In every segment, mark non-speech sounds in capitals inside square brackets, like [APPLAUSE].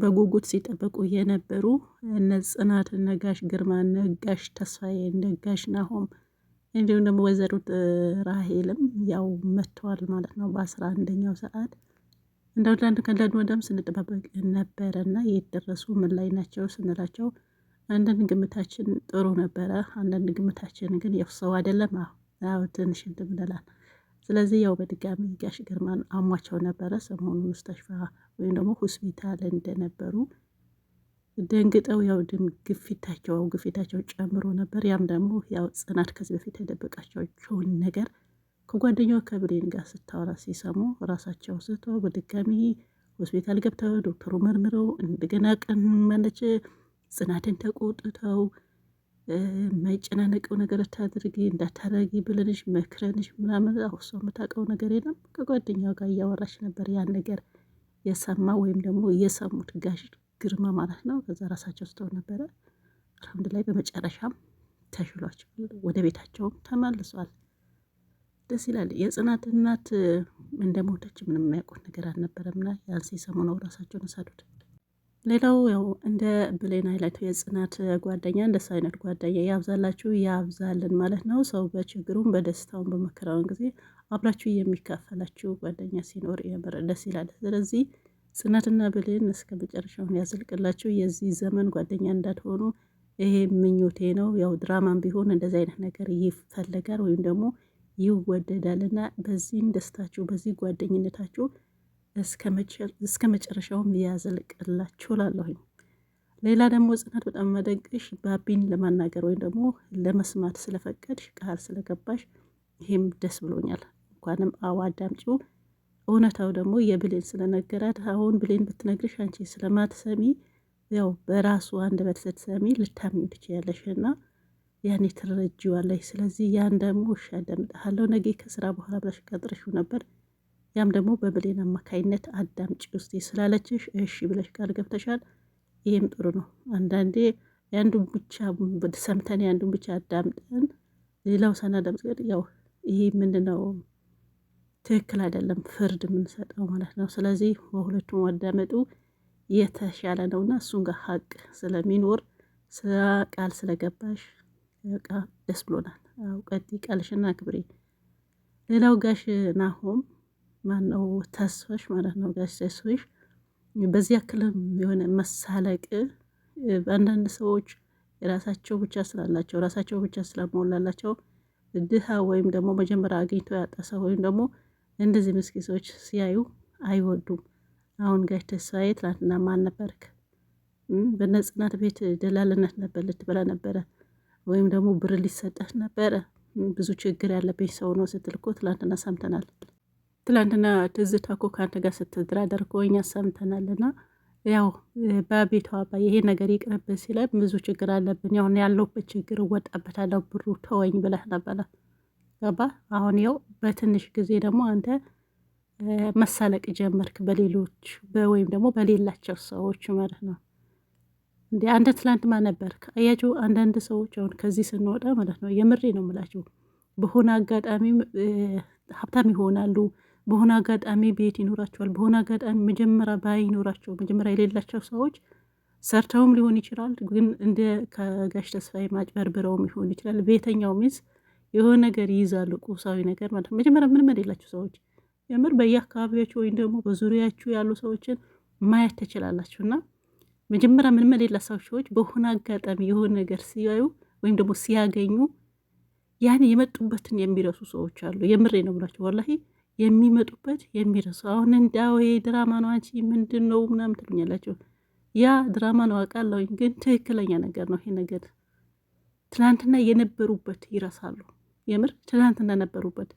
በጉጉት ሲጠበቁ የነበሩ እነ ጽናት፣ ነጋሽ ግርማ፣ ነጋሽ ተስፋዬ፣ ነጋሽ ናሆም እንዲሁም ደግሞ ወይዘሮ ራሄልም ያው መጥተዋል ማለት ነው። በአስራ አንደኛው ሰዓት እንደው ለአንድ ቀን ለአንድ ወደም ስንጠባበቅ ነበረ እና የደረሱ ምን ላይ ናቸው ስንላቸው አንዳንድ ግምታችን ጥሩ ነበረ፣ አንዳንድ ግምታችን ግን የፍሰው ሰው አይደለም። አዎ ትንሽ እንትን ብለናል። ስለዚህ ያው በድጋሚ ጋሽ ግርማን አሟቸው ነበረ። ሰሞኑን ሙስተሽፋ ወይም ደግሞ ሆስፒታል እንደነበሩ ደንግጠው ያው ድም ግፊታቸው ግፊታቸው ጨምሮ ነበር። ያም ደግሞ ያው ጽናት ከዚህ በፊት የደበቃቸውን ነገር ከጓደኛው ከብሌን ጋር ስታወራ ሲሰሙ ራሳቸው ስቶ በድጋሚ ሆስፒታል ገብተው ዶክተሩ መርምረው እንደገና ቀን መለች ጽናትን ተቆጥተው የማይጨናነቀው ነገር ታድርጊ እንዳታረጊ ብለንሽ መክረንሽ ምናምን አሁ ሰው የምታውቀው ነገር የለም። ከጓደኛው ጋር እያወራች ነበር ያን ነገር የሰማ ወይም ደግሞ የሰሙት ጋሽ ግርማ ማለት ነው። ከዛ ራሳቸው ስተው ነበረ። ላይ በመጨረሻም ተሽሏቸው ወደ ቤታቸውም ተመልሷል። ደስ ይላል። የጽናት እናት እንደሞተች ምንም የሚያውቁት ነገር አልነበረምና ያን ሲሰሙ ነው ራሳቸውን የሳቱት። ሌላው ያው እንደ ብሌን አይለቱ የጽናት ጓደኛ እንደሱ አይነት ጓደኛ ያብዛላችሁ ያብዛልን ማለት ነው። ሰው በችግሩም በደስታውን በመከራውን ጊዜ አብራችሁ የሚካፈላችሁ ጓደኛ ሲኖር የምር ደስ ይላል። ስለዚህ ጽናትና ብሌን እስከ መጨረሻውን ያዘልቅላችሁ። የዚህ ዘመን ጓደኛ እንዳትሆኑ ይሄ ምኞቴ ነው። ያው ድራማም ቢሆን እንደዚህ አይነት ነገር ይፈለጋል ወይም ደግሞ ይወደዳልና በዚህም ደስታችሁ በዚህ ጓደኝነታችሁ እስከ መጨረሻውም ያዘልቅላችሁ እላለሁኝ። ሌላ ደግሞ ጽናት በጣም መደግሽ ባቢን ለማናገር ወይም ደግሞ ለመስማት ስለፈቀድሽ ቃል ስለገባሽ ይሄም ደስ ብሎኛል። እንኳንም አዋ አዳምጪው። እውነታው ደግሞ የብሌን ስለነገራት አሁን ብሌን ብትነግርሽ አንቺ ስለማትሰሚ ያው በራሱ አንድ በት ሰሚ ልታምኝ ትችያለሽ እና ያኔ ትረጅዋለሽ። ስለዚህ ያን ደግሞ እሺ አዳምጥሃለሁ ነገ ከስራ በኋላ ብለሽ ቀጥረሽው ነበር ያም ደግሞ በብሌን አማካይነት አዳምጪ ውስጥ ስላለችሽ እሺ ብለሽ ቃል ገብተሻል። ይህም ጥሩ ነው። አንዳንዴ የአንዱን ብቻ ሰምተን የአንዱን ብቻ አዳምጠን ሌላው ሳናዳምጥ ግን ያው ይህ ምንድነው ትክክል አይደለም፣ ፍርድ የምንሰጠው ማለት ነው። ስለዚህ በሁለቱም አዳመጡ የተሻለ ነው እና እሱን ጋር ሀቅ ስለሚኖር ስራ ቃል ስለገባሽ ደስ ብሎናል። አውቀት ቃልሽና ክብሬ ሌላው ጋሽ ናሆም ማነው ተስፋሽ ማለት ነው ጋሽ ተስፋሽ በዚህ ያክልም የሆነ መሳለቅ አንዳንድ ሰዎች የራሳቸው ብቻ ስላላቸው ራሳቸው ብቻ ስለሞላላቸው ድሃ ወይም ደግሞ መጀመሪያ አግኝቶ ያጣ ወይም ደግሞ እንደዚህ ምስኪን ሰዎች ሲያዩ አይወዱም። አሁን ጋሽ ተስፋዬ ትላንትና ማን ነበርክ? በነጽናት ቤት ደላልነት ነበር ልትበላ ነበረ፣ ወይም ደግሞ ብር ሊሰጠህ ነበረ። ብዙ ችግር ያለብኝ ሰው ነው ስትልኮ ትላንትና ሰምተናል። ትላንትና ትዝታ እኮ ከአንተ ጋር ስትደራደር እኮ እኛ ሰምተናልና ያው በቤቷ አባዬ ይሄ ነገር ይቅርብን ሲለን ብዙ ችግር አለብን፣ ያሁን ያለውበት ችግር እወጣበታለሁ ብሩ ተወኝ ብለህ ነበረ። ገባ አሁን ያው በትንሽ ጊዜ ደግሞ አንተ መሳለቅ ጀመርክ፣ በሌሎች ወይም ደግሞ በሌላቸው ሰዎች ማለት ነው። እንዲ አንተ ትላንት ማ ነበር አያችሁ አንዳንድ ሰዎች አሁን ከዚህ ስንወጣ ማለት ነው፣ የምሬ ነው የምላችሁ፣ በሆነ አጋጣሚ ሀብታም ይሆናሉ በሆነ አጋጣሚ ቤት ይኖራቸዋል። በሆነ አጋጣሚ መጀመሪያ ባይኖራቸው መጀመሪያ የሌላቸው ሰዎች ሰርተውም ሊሆን ይችላል። ግን እንደ ከጋሽ ተስፋዬ ማጭበርብረውም ሊሆን ይችላል። ቤተኛው ሚስ የሆነ ነገር ይይዛሉ፣ ቁሳዊ ነገር ማለት መጀመሪያ ምንም የሌላቸው ሰዎች የምር በየአካባቢያቸው ወይም ደግሞ በዙሪያችሁ ያሉ ሰዎችን ማየት ትችላላችሁ። እና መጀመሪያ ምንም የሌላቸው ሰዎች በሆነ አጋጣሚ የሆነ ነገር ሲያዩ ወይም ደግሞ ሲያገኙ ያን የመጡበትን የሚረሱ ሰዎች አሉ። የምሬ ነው ብላቸው ወላሄ የሚመጡበት የሚረሳው አሁን እንዳው ድራማ ነው አንቺ ምንድን ነው ምናምን ትሉኛላችሁ። ያ ድራማ ነው አውቃለሁ፣ ግን ትክክለኛ ነገር ነው ይሄ ነገር። ትናንትና የነበሩበት ይረሳሉ። የምር ትናንትና ነበሩበት።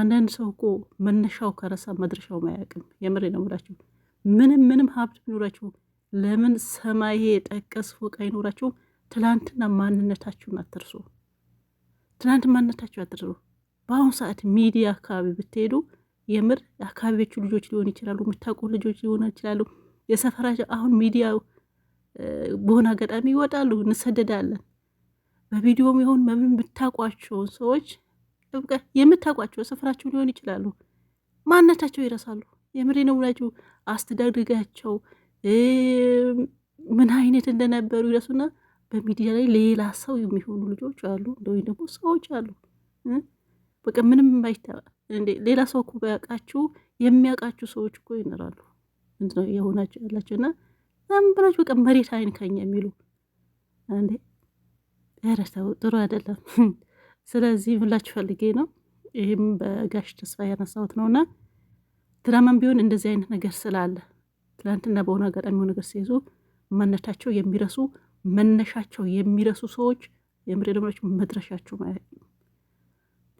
አንዳንድ ሰው እኮ መነሻው ከረሳ መድረሻው አያውቅም። የምር ነው የምላችሁ። ምንም ምንም ሀብት ቢኖራችሁ ለምን ሰማይ የጠቀስ ፎቅ አይኖራችሁም? ትናንትና ማንነታችሁን አትርሱ። ትናንት ማንነታችሁ አትርሱ። በአሁኑ ሰዓት ሚዲያ አካባቢ ብትሄዱ የምር የአካባቢዎቹ ልጆች ሊሆን ይችላሉ፣ የምታውቁ ልጆች ሊሆን ይችላሉ። የሰፈራቸው አሁን ሚዲያ በሆነ አጋጣሚ ይወጣሉ፣ እንሰደዳለን። በቪዲዮም ይሁን በምን የምታውቋቸውን ሰዎች የምታውቋቸው የሰፈራቸው ሊሆን ይችላሉ፣ ማንነታቸው ይረሳሉ። የምሬ ነው ብላችሁ ምን አይነት እንደነበሩ ይረሱና በሚዲያ ላይ ሌላ ሰው የሚሆኑ ልጆች አሉ፣ እንደወይ ደግሞ ሰዎች አሉ። በቃ ምንም ባይታ እንዴ ሌላ ሰው እኮ ባያውቃችሁ የሚያውቃችሁ ሰዎች እኮ ይኖራሉ። ምንድን የሆናችሁ ያላችሁ እና ምን ብላችሁ በቃ መሬት አይንካኝ የሚሉ እንዴ ያረሰው ጥሩ አይደለም። [LAUGHS] ስለዚህ ምላችሁ ፈልጌ ነው ይህም በጋሽ ተስፋ ያነሳሁት ነውና ድራማም ቢሆን እንደዚህ አይነት ነገር ስላለ ትናንትና በሆነ አጋጣሚ ሆነ ነገር ሲይዙ ማነታቸው የሚረሱ መነሻቸው የሚረሱ ሰዎች የምሬ ደሞች መድረሻቸው ማለት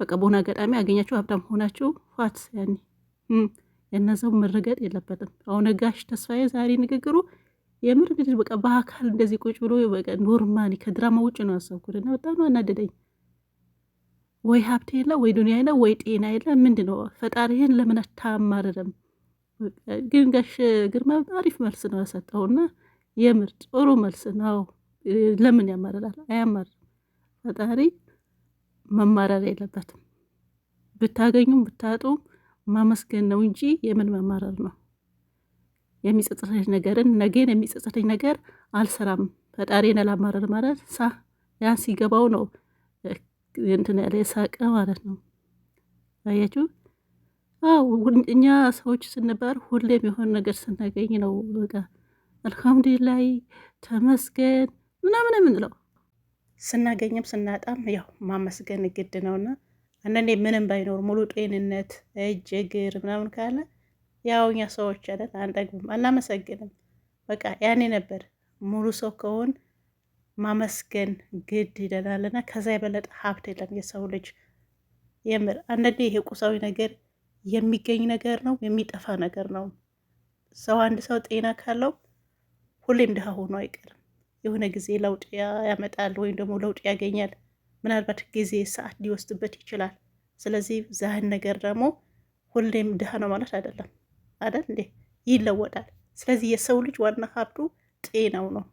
በቃ በሆነ አጋጣሚ ያገኛችሁ ሀብታም ሆናችሁ ፋት ያኔ የነዛው መረገጥ የለበትም። አሁን ጋሽ ተስፋዬ ዛሬ ንግግሩ የምር እንግዲህ በቃ በአካል እንደዚህ ቁጭ ብሎ በቃ ኖርማሊ ከድራማ ውጭ ነው ያሰብኩት እና በጣም ነው አናደደኝ። ወይ ሀብት የለ፣ ወይ ዱኒያ የለ፣ ወይ ጤና የለ፣ ምንድ ነው ፈጣሪህን ለምን አታማርርም? ግን ጋሽ ግርማ አሪፍ መልስ ነው ያሰጠውና የምር ጥሩ መልስ ነው። ለምን ያማርራል? አያማርርም ፈጣሪ መማረር የለበትም። ብታገኙም ብታጡም ማመስገን ነው እንጂ የምን መማረር ነው? የሚጸጸተኝ ነገርን ነገን የሚጸጸተኝ ነገር አልሰራም ፈጣሪን አላማረር ማለት ሳ ያን ሲገባው ነው እንትን ያለ የሳቀ ማለት ነው። አያችሁ? አዎ እኛ ሰዎች ስንባር ሁሌም የሆነ ነገር ስናገኝ ነው በቃ አልሐምዱሊላህ ተመስገን ምናምን የምንለው ስናገኝም ስናጣም ያው ማመስገን ግድ ነውና አንዳንዴ ምንም ባይኖር ሙሉ ጤንነት እጅ እግር ምናምን ካለ ያው እኛ ሰዎች አይደል አንጠግብም፣ አናመሰግንም። በቃ ያኔ ነበር ሙሉ ሰው ከሆን ማመስገን ግድ ይለናልና ከዛ የበለጠ ሀብት የለም የሰው ልጅ የምር። አንዳንዴ ይሄ ቁሳዊ ነገር የሚገኝ ነገር ነው፣ የሚጠፋ ነገር ነው። ሰው አንድ ሰው ጤና ካለው ሁሌም ድሃ ሆኖ አይቀርም። የሆነ ጊዜ ለውጥ ያመጣል ወይም ደግሞ ለውጥ ያገኛል። ምናልባት ጊዜ ሰዓት ሊወስድበት ይችላል። ስለዚህ ዛህን ነገር ደግሞ ሁሌም ድሃ ነው ማለት አይደለም አይደል እንዴ? ይለወጣል። ስለዚህ የሰው ልጅ ዋና ሀብቱ ጤናው ነው።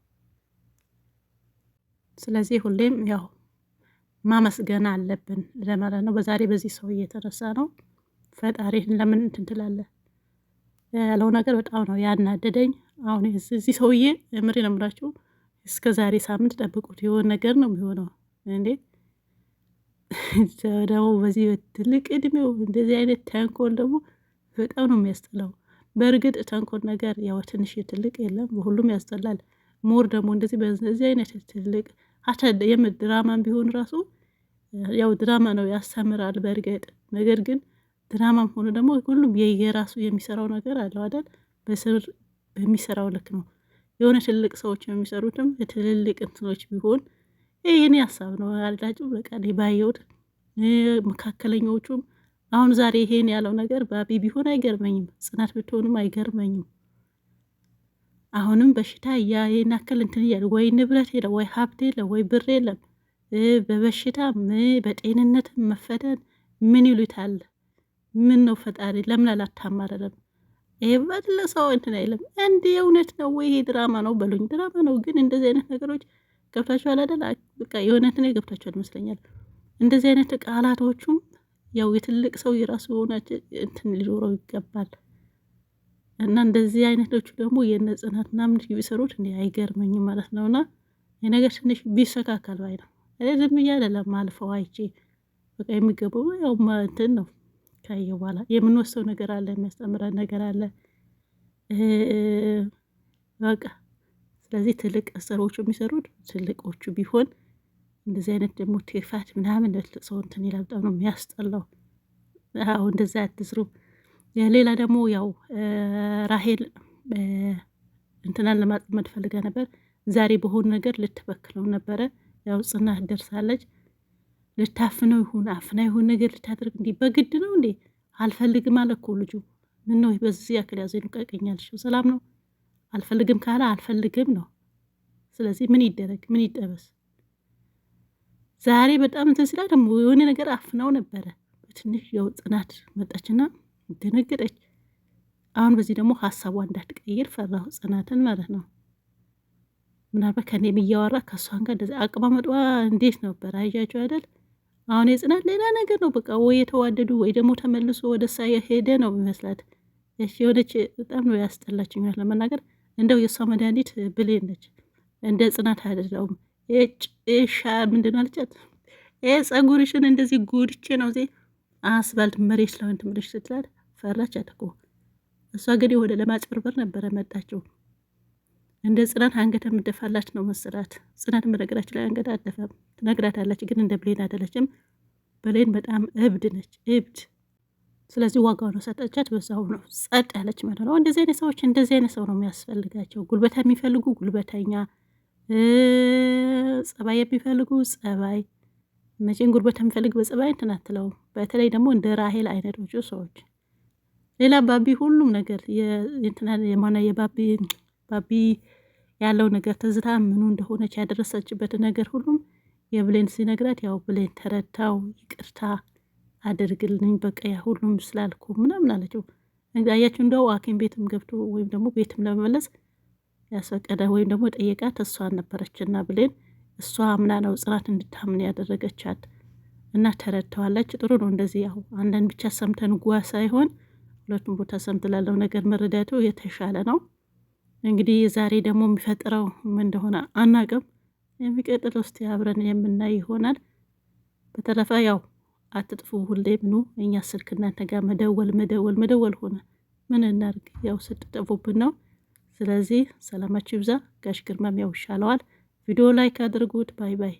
ስለዚህ ሁሌም ያው ማመስገን አለብን ለማለት ነው። በዛሬ በዚህ ሰው እየተነሳ ነው ፈጣሪህን ለምን እንትን ትላለህ ያለው ነገር በጣም ነው ያናደደኝ። አሁን እዚህ ሰውዬ ምሬ ነው የምላችሁ እስከ ዛሬ ሳምንት ጠብቁት፣ የሆነ ነገር ነው የሚሆነው። እንዴ ደግሞ በዚህ ትልቅ እድሜው እንደዚህ አይነት ተንኮል ደግሞ በጣም ነው የሚያስጠላው። በእርግጥ ተንኮል ነገር ያው ትንሽ ትልቅ የለም፣ በሁሉም ያስጠላል። ሞር ደግሞ እንደዚህ በዚህ አይነት ትልቅ ድራማም ቢሆን ራሱ ያው ድራማ ነው ያስተምራል። በእርግጥ ነገር ግን ድራማም ሆኖ ደግሞ ሁሉም የየራሱ የሚሰራው ነገር አለው አይደል? በስር በሚሰራው ልክ ነው የሆነ ትልቅ ሰዎች የሚሰሩትም ትልልቅ እንትኖች ቢሆን የኔ ሀሳብ ነው። አልዳጭ በቃ ባየሁት መካከለኛዎቹም አሁን ዛሬ ይሄን ያለው ነገር ባቢ ቢሆን አይገርመኝም፣ ጽናት ብትሆንም አይገርመኝም። አሁንም በሽታ ያ ይህን ያክል እንትን እያለ ወይ ንብረት የለም ወይ ሀብት የለም ወይ ብር የለም በበሽታ በጤንነት መፈደን ምን ይሉታል? ምን ነው ፈጣሪ ለምን አላታማረለም? ይሄ እንትን አይልም። እንዴ እውነት ነው ወይ ይሄ ድራማ ነው በሉኝ። ድራማ ነው ግን እንደዚህ አይነት ነገሮች ገብታችኋል አይደል? በቃ የእውነት ነው ገብታችኋል ይመስለኛል። እንደዚህ አይነት ቃላቶቹም ያው የትልቅ ሰው የራሱ የሆነ እንትን ሊኖረው ይገባል። እና እንደዚህ አይነቶቹ ደግሞ የነ ጽናት ምናምን ቢሰሩት እኔ አይገርመኝም ማለት ነው። ነውና የነገር ትንሽ ቢስተካከል ባይ ነው። ዝም ብዬ አይደለም አልፈው አይቼ በቃ የሚገባው ያው እንትን ነው ካየ በኋላ የምንወስደው ነገር አለ፣ የሚያስተምረን ነገር አለ። በቃ ስለዚህ ትልቅ ሰሮቹ የሚሰሩት ትልቆቹ ቢሆን እንደዚህ አይነት ደግሞ ቴፋት ምናምን ሰው እንትን ይላል። በጣም ነው የሚያስጠላው። አዎ እንደዛ አትስሩ። ሌላ ደግሞ ያው ራሄል እንትናን ለማጥመድ ፈልጋ ነበር። ዛሬ በሆኑ ነገር ልትበክለው ነበረ። ያው ጽናት ደርሳለች። ልታፍነው ይሁን አፍና ይሁን ነገር ልታደርግ እንዲ በግድ ነው እንዴ? አልፈልግም አለ እኮ ልጁ። ምን ነው በዚህ ያክል ያዘኝ ቀቀኛል። ሰላም ነው። አልፈልግም ካለ አልፈልግም ነው። ስለዚህ ምን ይደረግ? ምን ይጠበስ? ዛሬ በጣም እንትን ሲላ ደግሞ የሆነ ነገር አፍናው ነበረ። በትንሽ ያው ጽናት መጣችና ደነገጠች። አሁን በዚህ ደግሞ ሀሳቧ እንዳትቀይር ፈራሁ፣ ጽናትን ማለት ነው። ምናልባት ከኔም እያወራ ከእሷን ጋር እንደዚ አቀማመጧ እንዴት ነበር? አያቸው አይደል? አሁን የጽናት ሌላ ነገር ነው። በቃ ወይ የተዋደዱ ወይ ደግሞ ተመልሶ ወደ እሷ የሄደ ነው የሚመስላት። የሆነች በጣም ነው ያስጠላችኝ ለመናገር። እንደው የእሷ መድኃኒት ብሌን ነች፣ እንደ ጽናት አይደለውም። ሻ ምንድን ነው አለቻት። ጸጉርሽን እንደዚህ ጉድቼ ነው ዜ አስባልት መሬት ስለሆን ትምልሽ ስትላት ፈራቻት እኮ እሷ። ግን ወደ ለማጭበርበር ነበረ መጣችው። እንደ ጽናት አንገተ የምደፋላች ነው መሰላት። ጽናት በነገራችን ላይ አንገት አደፈም ትነግራታለች፣ ግን እንደ ብሌን አይደለችም። ብሌን በጣም እብድ ነች፣ እብድ ስለዚህ ዋጋው ነው ሰጠቻት። በዛው ነው ጸጥ ያለች ማለት ነው። እንደዚህ አይነት ሰዎች እንደዚህ አይነት ሰው ነው የሚያስፈልጋቸው። ጉልበታ የሚፈልጉ ጉልበተኛ፣ ጸባይ የሚፈልጉ ጸባይ። መቼም ጉልበት የሚፈልግ በጸባይ እንትን አትለውም። በተለይ ደግሞ እንደ ራሄል አይነቶቹ ሰዎች ሌላ ባቢ፣ ሁሉም ነገር የእንትና የማና የባቢ ባቢ ያለው ነገር ትዝታ ምኑ እንደሆነች ያደረሰችበት ነገር ሁሉም የብሌን ሲነግራት ያው ብሌን ተረድታው ይቅርታ አድርግልኝ በቃ ያ ሁሉም ስላልኩ ምናምን አለችው። አያችሁ እንደው ሐኪም ቤትም ገብቶ ወይም ደግሞ ቤትም ለመመለስ ያስፈቀደ ወይም ደግሞ ጠየቃት እሷ ነበረች እና ብሌን እሷ አምና ነው ጽናት እንድታምን ያደረገቻት እና ተረድተዋለች። ጥሩ ነው እንደዚህ ያው አንዳንድ ብቻ ሰምተን ጓ ሳይሆን ሁለቱም ቦታ ላለው ነገር መረዳቱ የተሻለ ነው። እንግዲህ ዛሬ ደግሞ የሚፈጥረው ምን እንደሆነ አናቅም። የሚቀጥለው እስቲ አብረን የምናይ ይሆናል። በተረፈ ያው አትጥፉ፣ ሁሌ ኑ እኛ ስልክ እናንተ ጋር መደወል መደወል መደወል ሆነ። ምን እናርግ? ያው ስትጠፉብን ነው። ስለዚህ ሰላማችሁ ይብዛ። ጋሽ ግርማም ያው ይሻለዋል። ቪዲዮ ላይክ አድርጉት። ባይ ባይ